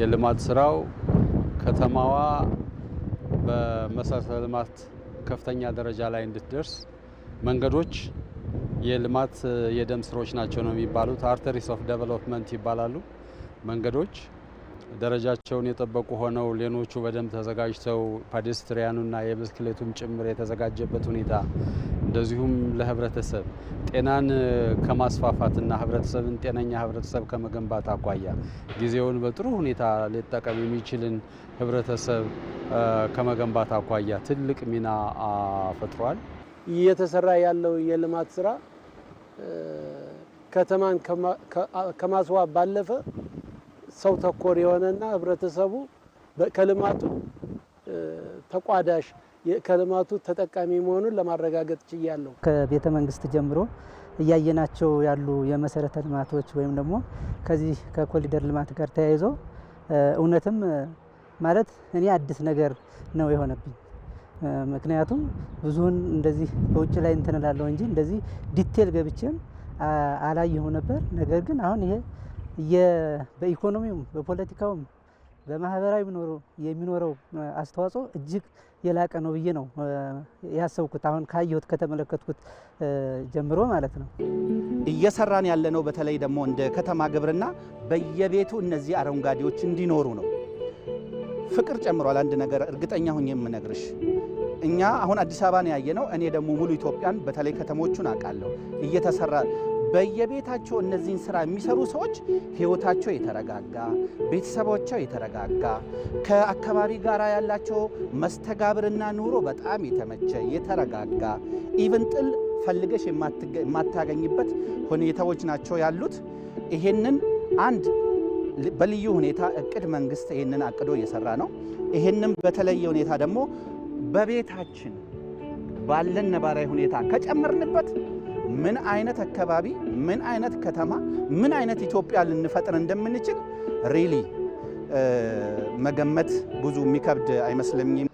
የልማት ስራው ከተማዋ በመሰረተ ልማት ከፍተኛ ደረጃ ላይ እንድትደርስ መንገዶች የልማት የደም ስሮች ናቸው ነው የሚባሉት። አርተሪስ ኦፍ ዴቨሎፕመንት ይባላሉ መንገዶች ደረጃቸውን የጠበቁ ሆነው ሌኖቹ በደንብ ተዘጋጅተው ፓዴስትሪያኑና የብስክሌቱም ጭምር የተዘጋጀበት ሁኔታ እንደዚሁም ለህብረተሰብ ጤናን ከማስፋፋትና ህብረተሰብን ጤነኛ ህብረተሰብ ከመገንባት አኳያ ጊዜውን በጥሩ ሁኔታ ሊጠቀም የሚችልን ህብረተሰብ ከመገንባት አኳያ ትልቅ ሚና ፈጥሯል። እየተሰራ ያለው የልማት ስራ ከተማን ከማስዋብ ባለፈ ሰው ተኮር የሆነና ህብረተሰቡ ከልማቱ ተቋዳሽ ከልማቱ ተጠቃሚ መሆኑን ለማረጋገጥ ችያለሁ። ከቤተ መንግስት ጀምሮ እያየናቸው ያሉ የመሰረተ ልማቶች ወይም ደግሞ ከዚህ ከኮሊደር ልማት ጋር ተያይዞ እውነትም ማለት እኔ አዲስ ነገር ነው የሆነብኝ። ምክንያቱም ብዙውን እንደዚህ በውጭ ላይ እንትን እንጂ እንደዚህ ዲቴል ገብቼም አላየሁ ነበር። ነገር ግን አሁን ይሄ በኢኮኖሚውም በፖለቲካውም በማህበራዊ የሚኖረው አስተዋጽኦ እጅግ የላቀ ነው ብዬ ነው ያሰብኩት፣ አሁን ካየሁት ከተመለከትኩት ጀምሮ ማለት ነው። እየሰራን ያለነው በተለይ ደግሞ እንደ ከተማ ግብርና በየቤቱ እነዚህ አረንጓዴዎች እንዲኖሩ ነው። ፍቅር ጨምሯል። አንድ ነገር እርግጠኛ ሁኝ የምነግርሽ እኛ አሁን አዲስ አበባን ያየነው እኔ ደግሞ ሙሉ ኢትዮጵያን በተለይ ከተሞቹን አውቃለሁ እየተሰራ በየቤታቸው እነዚህን ስራ የሚሰሩ ሰዎች ህይወታቸው የተረጋጋ፣ ቤተሰባቸው የተረጋጋ፣ ከአካባቢ ጋር ያላቸው መስተጋብርና ኑሮ በጣም የተመቸ የተረጋጋ ኢቭን ጥል ፈልገሽ የማታገኝበት ሁኔታዎች ናቸው ያሉት። ይሄንን አንድ በልዩ ሁኔታ እቅድ መንግስት ይሄንን አቅዶ እየሰራ ነው። ይሄንም በተለየ ሁኔታ ደግሞ በቤታችን ባለን ነባራዊ ሁኔታ ከጨመርንበት ምን አይነት አካባቢ፣ ምን አይነት ከተማ፣ ምን አይነት ኢትዮጵያ ልንፈጥር እንደምንችል ሪሊ መገመት ብዙ የሚከብድ አይመስለኝም።